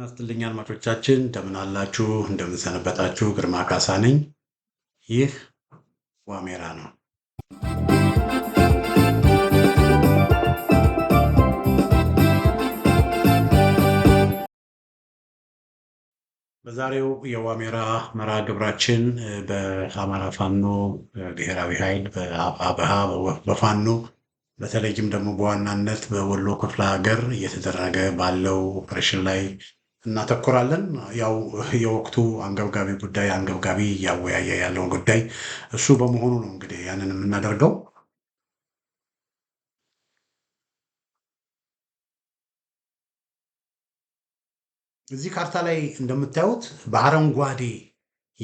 እናስትልኝ አድማጮቻችን እንደምን አላችሁ? ግርማ ካሳ ነኝ። ይህ ዋሜራ ነው። በዛሬው የዋሜራ መርሃ ግብራችን በአማራ ፋኖ ብሔራዊ ኃይል በአብሃ በፋኖ በተለይም ደግሞ በዋናነት በወሎ ክፍለ ሀገር እየተደረገ ባለው ኦፕሬሽን ላይ እናተኩራለን። ያው የወቅቱ አንገብጋቢ ጉዳይ አንገብጋቢ እያወያየ ያለውን ጉዳይ እሱ በመሆኑ ነው እንግዲህ ያንን የምናደርገው። እዚህ ካርታ ላይ እንደምታዩት በአረንጓዴ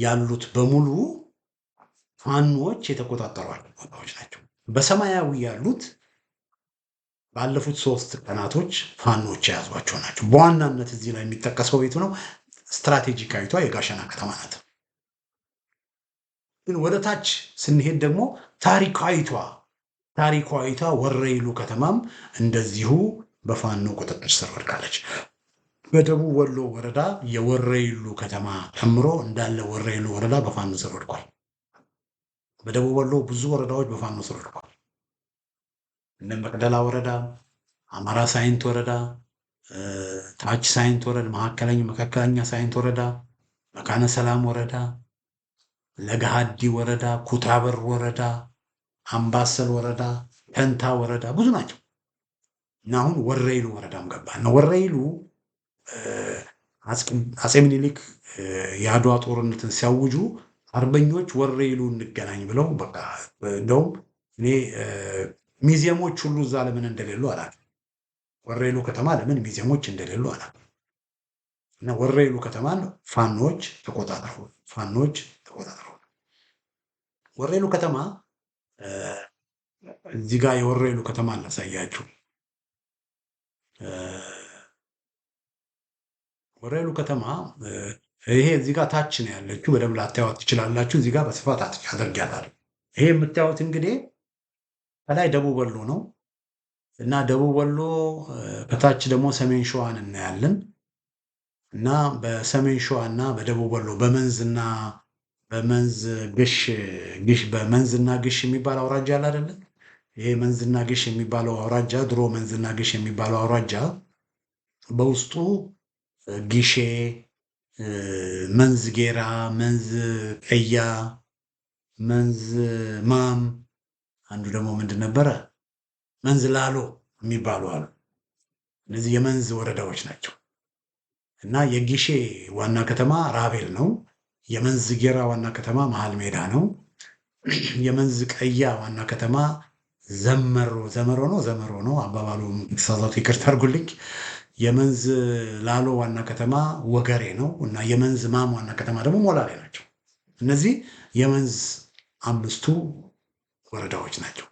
ያሉት በሙሉ ፋኖች የተቆጣጠሯቸው ቦታዎች ናቸው። በሰማያዊ ያሉት ባለፉት ሶስት ቀናቶች ፋኖች የያዟቸው ናቸው። በዋናነት እዚህ ላይ የሚጠቀሰው ቤቱ ነው። ስትራቴጂካዊቷ የጋሸና ከተማ ናት። ግን ወደ ታች ስንሄድ ደግሞ ታሪካዊቷ ታሪካዊቷ ወረይሉ ከተማም እንደዚሁ በፋኖ ቁጥጥር ስር ወድቃለች። በደቡብ ወሎ ወረዳ የወረይሉ ከተማ ጨምሮ እንዳለ ወረይሉ ወረዳ በፋኖ ስር ወድቋል። በደቡብ ወሎ ብዙ ወረዳዎች በፋኖ ስር ወድቋል። እነ መቅደላ ወረዳ፣ አማራ ሳይንት ወረዳ፣ ታች ሳይንት ወረዳ፣ መካከለኛ መካከለኛ ሳይንት ወረዳ፣ መካነ ሰላም ወረዳ፣ ለገሃዲ ወረዳ፣ ኩታበር ወረዳ፣ አምባሰል ወረዳ፣ ተንታ ወረዳ ብዙ ናቸው እና አሁን ወረይሉ ወረዳም ገባ እና ወረይሉ አጼ ምኒልክ የአድዋ ጦርነትን ሲያውጁ አርበኞች ወረይሉ እንገናኝ ብለው በቃ እንደውም እኔ ሚዚየሞች ሁሉ እዛ ለምን እንደሌሉ አላውቅም። ወሬሉ ከተማ ለምን ሚዚየሞች እንደሌሉ አላውቅም። እና ወሬሉ ከተማን ፋኖች ተቆጣጠሩ፣ ፋኖች ተቆጣጠሩ። ወሬሉ ከተማ እዚህ ጋር የወረኢሉ ከተማ እናሳያችሁ። ወረኢሉ ከተማ ይሄ እዚህ ጋር ታች ነው ያለችው። በደንብ ላታዩት ትችላላችሁ። እዚህ ጋር በስፋት አድርጊያታለሁ። ይሄ የምታዩት እንግዲህ ከላይ ደቡብ ወሎ ነው እና ደቡብ ወሎ ከታች ደግሞ ሰሜን ሸዋን እናያለን እና በሰሜን ሸዋ እና በደቡብ ወሎ በመንዝና በመንዝ ግሽ ግሽ በመንዝና ግሽ የሚባል አውራጃ አለ አይደለ? ይሄ መንዝና ግሽ የሚባለው አውራጃ ድሮ መንዝና ግሽ የሚባለው አውራጃ በውስጡ ጊሼ፣ መንዝ ጌራ፣ መንዝ ቀያ፣ መንዝ ማም አንዱ ደግሞ ምንድን ነበረ መንዝ ላሎ የሚባሉ አሉ። እነዚህ የመንዝ ወረዳዎች ናቸው እና የጊሼ ዋና ከተማ ራቤል ነው። የመንዝ ጌራ ዋና ከተማ መሀል ሜዳ ነው። የመንዝ ቀያ ዋና ከተማ ዘመሮ ዘመሮ ነው ዘመሮ ነው አባባሉ ተሳሳቱ፣ ይቅርታ አድርጉልኝ። የመንዝ ላሎ ዋና ከተማ ወገሬ ነው እና የመንዝ ማም ዋና ከተማ ደግሞ ሞላሌ ናቸው። እነዚህ የመንዝ አምስቱ ወረዳዎች ናቸው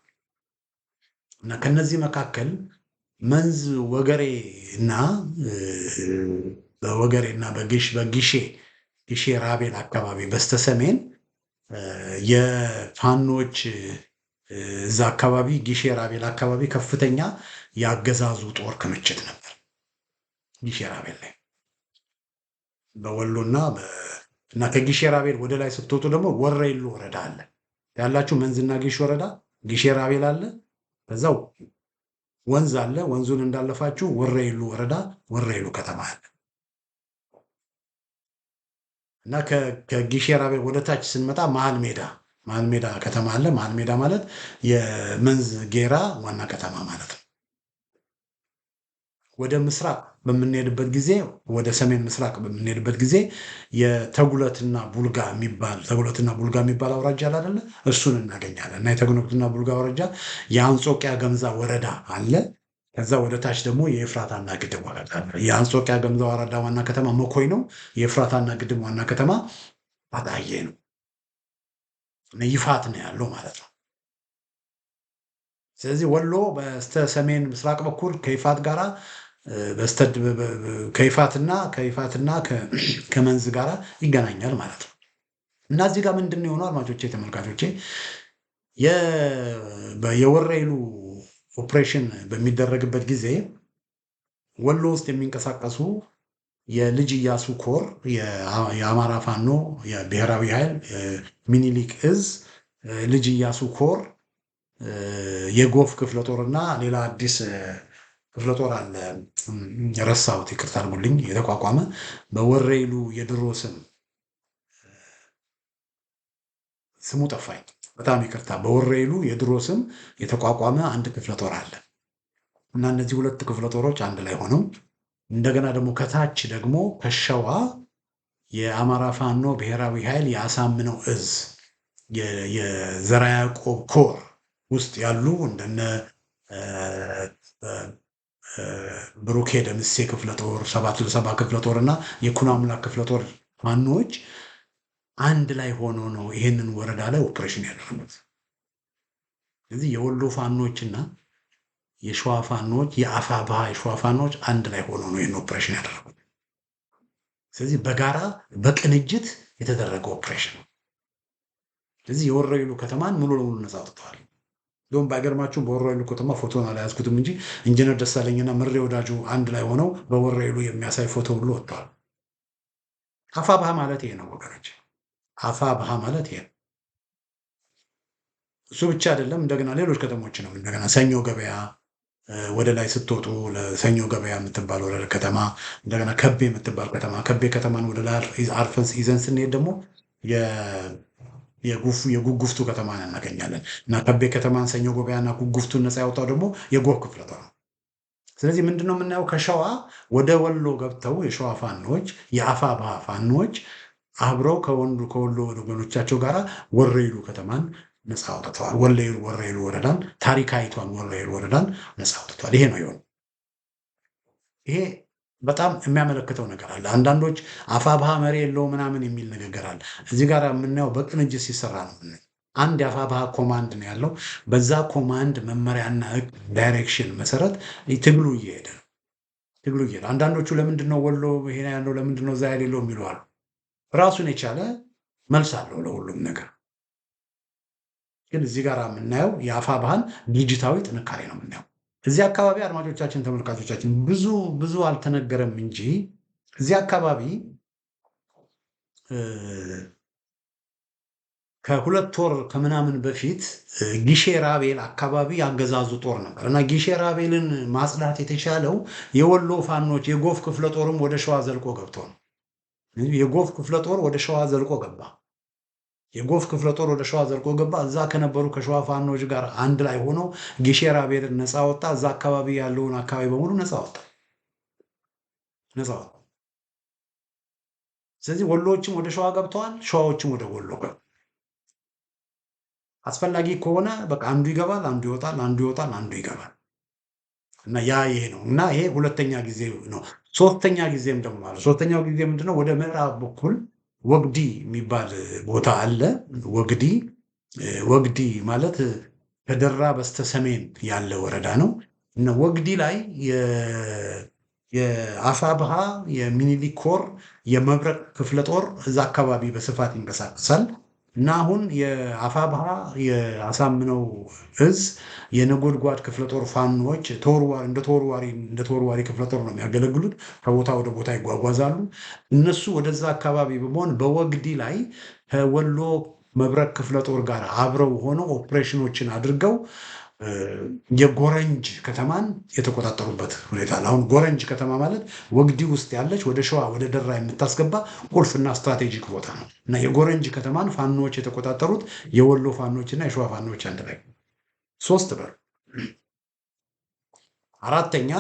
እና ከነዚህ መካከል መንዝ ወገሬ እና በወገሬ እና በጊሼ ጊሼ ራቤል አካባቢ በስተሰሜን የፋኖች እዛ አካባቢ ጊሼ ራቤል አካባቢ ከፍተኛ የአገዛዙ ጦር ክምችት ነበር። ጊሼ ራቤል ላይ በወሎና እና ከጊሼ ራቤል ወደ ላይ ስትወጡ ደግሞ ወረይሉ ወረዳ አለን። ያላችሁ መንዝና ጌሽ ወረዳ ጌሽ ራቤል አለ። በዛው ወንዝ አለ። ወንዙን እንዳለፋችሁ ወረይሉ ወረዳ ወረይሉ ከተማ አለ እና ከጌሽ ራቤል ወደ ታች ስንመጣ መሀል ሜዳ መሀል ሜዳ ከተማ አለ። መሀል ሜዳ ማለት የመንዝ ጌራ ዋና ከተማ ማለት ነው። ወደ ምስራቅ በምንሄድበት ጊዜ ወደ ሰሜን ምስራቅ በምንሄድበት ጊዜ የተጉለትና ቡልጋ የሚባል ተጉለትና ቡልጋ የሚባል አውራጃ አይደለ? እሱን እናገኛለን እና የተጉለትና ቡልጋ አውራጃ የአንጾቂያ ገምዛ ወረዳ አለ። ከዛ ወደ ታች ደግሞ የኤፍራታና ግድብ ወረዳ አለ። ገምዛ ወረዳ ዋና ከተማ መኮይ ነው። የኤፍራታና ግድብ ዋና ከተማ አጣዬ ነው። ይፋት ነው ያለው ማለት ነው። ስለዚህ ወሎ በስተ ሰሜን ምስራቅ በኩል ከይፋት ጋራ ከይፋትና ከይፋትና ከመንዝ ጋር ይገናኛል ማለት ነው። እና እዚህ ጋር ምንድን የሆኑ አድማጮቼ ተመልካቾቼ የወረኢሉ ኦፕሬሽን በሚደረግበት ጊዜ ወሎ ውስጥ የሚንቀሳቀሱ የልጅ እያሱ ኮር የአማራ ፋኖ የብሔራዊ ኃይል ሚኒሊክ እዝ ልጅ እያሱ ኮር የጎፍ ክፍለ ጦርና ሌላ አዲስ ክፍለ ጦር አለ ረሳሁት፣ ይቅርታ አድርጉልኝ። የተቋቋመ በወሬሉ የድሮ ስም ስሙ ጠፋኝ፣ በጣም ይቅርታ። በወሬሉ የድሮ ስም የተቋቋመ አንድ ክፍለ ጦር አለ እና እነዚህ ሁለት ክፍለ ጦሮች አንድ ላይ ሆነው እንደገና ደግሞ ከታች ደግሞ ከሸዋ የአማራ ፋኖ ብሔራዊ ኃይል የአሳምነው እዝ የዘራ ያዕቆብ ኮር ውስጥ ያሉ እንደነ ብሩኬ ደምሴ ክፍለ ጦር፣ ሰባት ስብሰባ ክፍለ ጦር እና የኩኖ አምላክ ክፍለ ጦር ፋኖዎች አንድ ላይ ሆኖ ነው ይህንን ወረዳ ላይ ኦፕሬሽን ያደረጉት። ስለዚህ የወሎ ፋኖችና የሸዋ ፋኖች የአፋ ባሃ የሸዋ ፋኖች አንድ ላይ ሆኖ ነው ይህን ኦፕሬሽን ያደረጉት። ስለዚህ በጋራ በቅንጅት የተደረገ ኦፕሬሽን ነው። ስለዚህ የወረኢሉ ከተማን ሙሉ ለሙሉ ነጻ አውጥተዋል። እንዲሁም ባይገርማችሁም በወራይሉ ከተማ ፎቶን አልያዝኩትም እንጂ ኢንጂነር ደሳለኝና ምሬ ወዳጁ አንድ ላይ ሆነው በወራይሉ የሚያሳይ ፎቶ ሁሉ ወጥተዋል። አፋ ባህ ማለት ይሄ ነው ወገኖች፣ አፋ ባህ ማለት ይሄ ነው። እሱ ብቻ አይደለም፣ እንደገና ሌሎች ከተሞች ነው። እንደገና ሰኞ ገበያ ወደ ላይ ስትወጡ ለሰኞ ገበያ የምትባል ወደ ከተማ እንደገና ከቤ የምትባል ከተማ ከቤ ከተማን ወደ ላይ አርፈን ይዘን ስንሄድ ደግሞ የጉፉ የጉጉፍቱ ከተማን እናገኛለን እና ከቤ ከተማን ሰኞ ገበያና ጉጉፍቱ ነፃ ያወጣው ደግሞ የጎህ ክፍለ ነው። ስለዚህ ምንድን ነው የምናየው? ከሸዋ ወደ ወሎ ገብተው የሸዋ ፋኖች የአፋ የአፋባ ፋኖች አብረው ከወንዱ ከወሎ ወገኖቻቸው ጋር ወረይሉ ከተማን ነፃ አውጥተዋል። ወለይሉ ወረይሉ ወረዳን ታሪካዊቷን ወረይሉ ወረዳን ነፃ አውጥተዋል። ይሄ ነው ይሆን ይሄ በጣም የሚያመለክተው ነገር አለ። አንዳንዶች አፋብሃ መሪ የለው ምናምን የሚል ንግግር አለ። እዚህ ጋር የምናየው በቅንጅት ሲሰራ ነው። አንድ የአፋብሃ ኮማንድ ነው ያለው። በዛ ኮማንድ መመሪያና ዳይሬክሽን መሰረት ትግሉ እየሄደ ነው። ትግሉ እየሄደ አንዳንዶቹ ለምንድነው ወሎ ይሄ ያለው ለምንድነው እዛ የሌለው የሚሉ አሉ። ራሱን የቻለ መልስ አለው ለሁሉም ነገር። ግን እዚህ ጋር የምናየው የአፋብሃን ዲጂታዊ ጥንካሬ ነው የምናየው። እዚህ አካባቢ አድማጮቻችን፣ ተመልካቾቻችን ብዙ ብዙ አልተነገረም እንጂ እዚህ አካባቢ ከሁለት ወር ከምናምን በፊት ጊሼ ራቤል አካባቢ ያገዛዙ ጦር ነበር እና ጊሼ ራቤልን ማጽዳት የተቻለው የወሎ ፋኖች የጎፍ ክፍለ ጦርም ወደ ሸዋ ዘልቆ ገብቶ ነው። የጎፍ ክፍለ ጦር ወደ ሸዋ ዘልቆ ገባ። የጎፍ ክፍለ ጦር ወደ ሸዋ ዘልቆ ገባ። እዛ ከነበሩ ከሸዋ ፋኖች ጋር አንድ ላይ ሆኖ ጊሼራ ቤር ነፃ ወጣ። እዛ አካባቢ ያለውን አካባቢ በሙሉ ነፃ ወጣ ነፃ ወጣ። ስለዚህ ወሎዎችም ወደ ሸዋ ገብተዋል፣ ሸዋዎችም ወደ ወሎ ገብ አስፈላጊ ከሆነ በቃ አንዱ ይገባል፣ አንዱ ይወጣል፣ አንዱ ይወጣል፣ አንዱ ይገባል እና ያ ይሄ ነው እና ይሄ ሁለተኛ ጊዜ ነው። ሶስተኛ ጊዜም ደግሞ ማለት ሶስተኛው ጊዜ ምንድነው ወደ ምዕራብ በኩል ወግዲ የሚባል ቦታ አለ። ወግዲ ወግዲ ማለት ከደራ በስተሰሜን ያለ ወረዳ ነው እና ወግዲ ላይ የአሳ ብሃ የሚኒሊክ ኮር የመብረቅ ክፍለ ጦር እዛ አካባቢ በስፋት ይንቀሳቀሳል። እና አሁን የአፋብሃ የአሳምነው እዝ የነጎድጓድ ክፍለ ጦር ፋኖች እንደ ተወርዋሪ ክፍለ ጦር ነው የሚያገለግሉት። ከቦታ ወደ ቦታ ይጓጓዛሉ። እነሱ ወደዛ አካባቢ በመሆን በወግዲ ላይ ከወሎ መብረቅ ክፍለ ጦር ጋር አብረው ሆነው ኦፕሬሽኖችን አድርገው የጎረንጅ ከተማን የተቆጣጠሩበት ሁኔታ አሁን ጎረንጅ ከተማ ማለት ወግዲ ውስጥ ያለች ወደ ሸዋ ወደ ደራ የምታስገባ ቁልፍና ስትራቴጂክ ቦታ ነው እና የጎረንጅ ከተማን ፋኖዎች የተቆጣጠሩት የወሎ ፋኖች እና የሸዋ ፋኖች አንድ ላይ ሶስት በር አራተኛ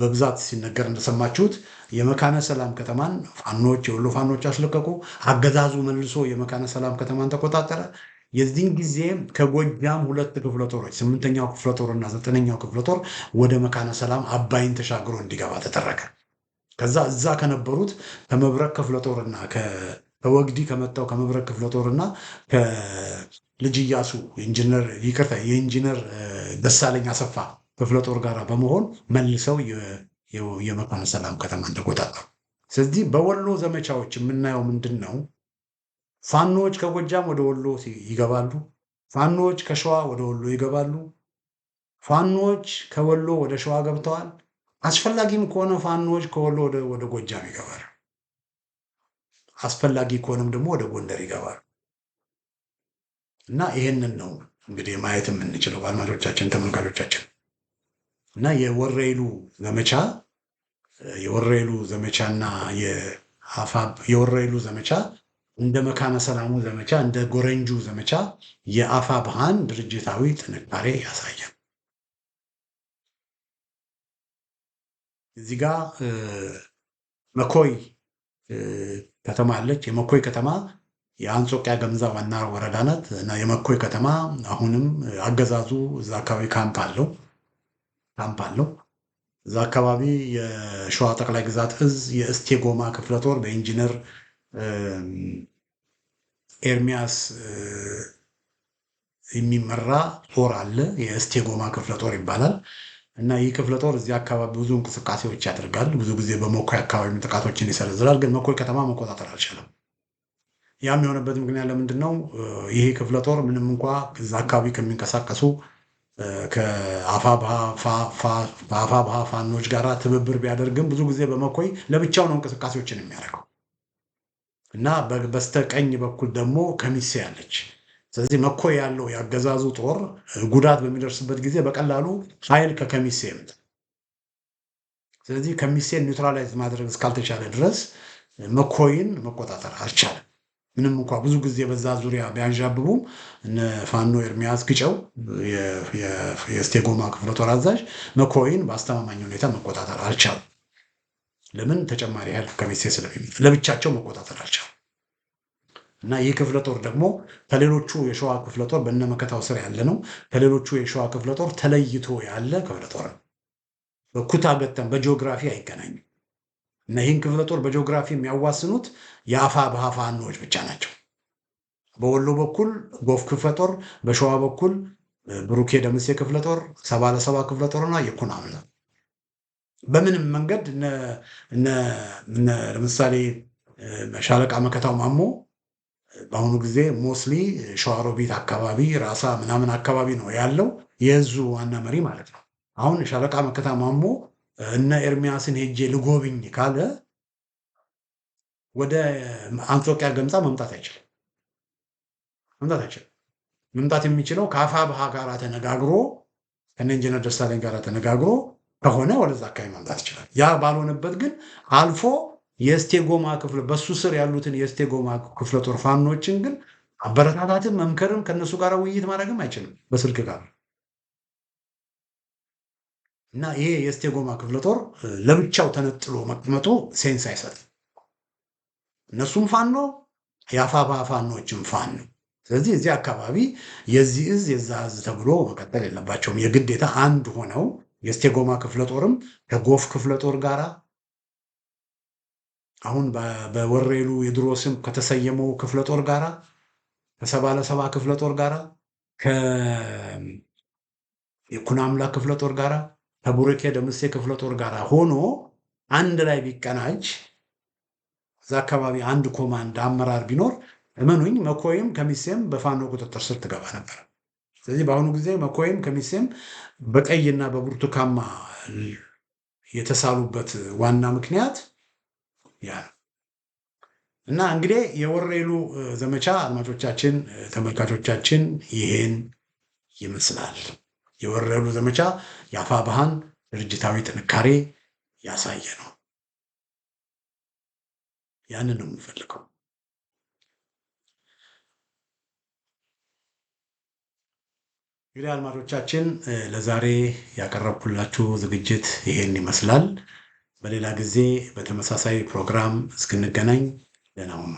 በብዛት ሲነገር እንደሰማችሁት የመካነ ሰላም ከተማን ፋኖች የወሎ ፋኖች አስለቀቁ አገዛዙ መልሶ የመካነ ሰላም ከተማን ተቆጣጠረ የዚህን ጊዜ ከጎጃም ሁለት ክፍለ ጦሮች ስምንተኛው ክፍለ ጦር እና ዘጠነኛው ክፍለ ጦር ወደ መካነ ሰላም አባይን ተሻግሮ እንዲገባ ተደረገ። ከዛ እዛ ከነበሩት ከመብረቅ ክፍለ እና ከወግዲ ከመጣው ከመብረቅ ክፍለ እና ከልጅ እያሱ ኢንጂነር ይቅርታ የኢንጂነር ደሳለኝ አሰፋ ክፍለ ጦር ጋር በመሆን መልሰው የመካነ ሰላም ከተማ እንደቆጣጠሩ። ስለዚህ በወሎ ዘመቻዎች የምናየው ምንድን ነው? ፋኖዎች ከጎጃም ወደ ወሎ ይገባሉ። ፋኖዎች ከሸዋ ወደ ወሎ ይገባሉ። ፋኖዎች ከወሎ ወደ ሸዋ ገብተዋል። አስፈላጊም ከሆነ ፋኖዎች ከወሎ ወደ ጎጃም ይገባሉ። አስፈላጊ ከሆነም ደግሞ ወደ ጎንደር ይገባሉ። እና ይህንን ነው እንግዲህ ማየት የምንችለው አድማጮቻችን፣ ተመልካቾቻችን እና የወረይሉ ዘመቻ የወረይሉ ዘመቻና የወረይሉ ዘመቻ እንደ መካነ ሰላሙ ዘመቻ እንደ ጎረንጁ ዘመቻ ብሃን ድርጅታዊ ጥንካሬ ያሳያል። እዚህ መኮይ ከተማ አለች። የመኮይ ከተማ የአንጾቂያ ገምዛ ዋና ወረዳ ናት እና የመኮይ ከተማ አሁንም አገዛዙ እዛ አካባቢ ካምፕ አለው ካምፕ አለው። እዛ አካባቢ የሸዋ ጠቅላይ ግዛት እዝ የእስቴ ጎማ ክፍለ ጦር በኢንጂነር ኤርሚያስ የሚመራ ጦር አለ። የእስቴጎማ ክፍለ ጦር ይባላል እና ይህ ክፍለ ጦር እዚህ አካባቢ ብዙ እንቅስቃሴዎች ያደርጋል። ብዙ ጊዜ በመኮይ አካባቢ ጥቃቶችን ይሰነዝራል። ግን መኮይ ከተማ መቆጣጠር አልቻለም። ያም የሆነበት ምክንያት ለምንድን ነው? ይሄ ክፍለ ጦር ምንም እንኳ እዛ አካባቢ ከሚንቀሳቀሱ ከአፋብኃ ፋኖች ጋር ትብብር ቢያደርግም ብዙ ጊዜ በመኮይ ለብቻው ነው እንቅስቃሴዎችን የሚያደርገው እና በስተቀኝ በኩል ደግሞ ከሚሴ ያለች። ስለዚህ መኮ ያለው የአገዛዙ ጦር ጉዳት በሚደርስበት ጊዜ በቀላሉ ኃይል ከከሚሴ ምት ስለዚህ ከሚሴን ኒውትራላይዝ ማድረግ እስካልተቻለ ድረስ መኮይን መቆጣጠር አልቻለም። ምንም እንኳ ብዙ ጊዜ በዛ ዙሪያ ቢያንዣብቡም እነ ፋኖ ኤርሚያስ ግጨው የስቴጎማ ክፍለ ጦር አዛዥ መኮይን በአስተማማኝ ሁኔታ መቆጣጠር አልቻለም። ለምን ተጨማሪ ያህል ከሚሴ ስለሚሚት ለብቻቸው መቆጣጠር አልቻሉ እና ይህ ክፍለ ጦር ደግሞ ከሌሎቹ የሸዋ ክፍለ ጦር በነመከታው ስር ያለ ነው። ከሌሎቹ የሸዋ ክፍለ ጦር ተለይቶ ያለ ክፍለ ጦር ነው። በኩታ ገጠም በጂኦግራፊ አይገናኙም። እና ይህን ክፍለ ጦር በጂኦግራፊ የሚያዋስኑት የአፋ በሃ ፋኖዎች ብቻ ናቸው። በወሎ በኩል ጎፍ ክፍለ ጦር፣ በሸዋ በኩል ብሩኬ ደምሴ ክፍለ ጦር፣ ሰባ ለሰባ ክፍለ ጦርና የኩናምላ በምንም መንገድ ለምሳሌ ሻለቃ መከታው ማሞ በአሁኑ ጊዜ ሞስሊ ሸዋሮቢት አካባቢ ራሳ ምናምን አካባቢ ነው ያለው የዙ ዋና መሪ ማለት ነው። አሁን ሻለቃ መከታ ማሞ እነ ኤርሚያስን ሄጄ ልጎብኝ ካለ ወደ አንጾቂያ ገምጻ መምጣት አይችልም። መምጣት አይችልም። መምጣት የሚችለው ከአፋብሃ ጋር ተነጋግሮ ከነ ኢንጂነር ደሳለኝ ጋር ተነጋግሮ ከሆነ ወደዛ አካባቢ ማምጣት ይችላል። ያ ባልሆነበት ግን አልፎ የስቴጎማ ክፍለ በሱ ስር ያሉትን የስቴጎማ ክፍለ ጦር ፋኖችን ግን አበረታታትም መምከርም ከነሱ ጋር ውይይት ማድረግም አይችልም በስልክ ጋር እና ይሄ የስቴጎማ ክፍለ ጦር ለብቻው ተነጥሎ መቀመጡ ሴንስ አይሰጥም። እነሱም ፋኖ የአፋባ ፋኖችም ፋኖ። ስለዚህ እዚህ አካባቢ የዚህ እዝ የዛ እዝ ተብሎ መቀጠል የለባቸውም። የግዴታ አንድ ሆነው የስቴጎማ ክፍለ ጦርም ከጎፍ ክፍለ ጦር ጋር አሁን በወሬሉ የድሮ ስም ከተሰየመው ክፍለ ጦር ጋራ ከሰባ ለሰባ ክፍለ ጦር ጋራ የኩናምላ ክፍለ ጦር ጋራ ከቡሬኬ ደምሴ ክፍለ ጦር ጋራ ሆኖ አንድ ላይ ቢቀናጅ እዛ አካባቢ አንድ ኮማንድ አመራር ቢኖር እመኑኝ መኮይም ከሚሴም በፋኖ ቁጥጥር ስር ትገባ ነበር። ስለዚህ በአሁኑ ጊዜ መኮይም ከሚሴም በቀይና በብርቱካማ የተሳሉበት ዋና ምክንያት ያ ነው እና እንግዲህ የወሬሉ ዘመቻ አድማጮቻችን፣ ተመልካቾቻችን ይሄን ይመስላል። የወሬሉ ዘመቻ የአፋ ባህን ድርጅታዊ ጥንካሬ ያሳየ ነው። ያንን ነው የምንፈልገው። እንግዲህ አድማጮቻችን ለዛሬ ያቀረብኩላችሁ ዝግጅት ይሄን ይመስላል። በሌላ ጊዜ በተመሳሳይ ፕሮግራም እስክንገናኝ ደህና ሁኑ።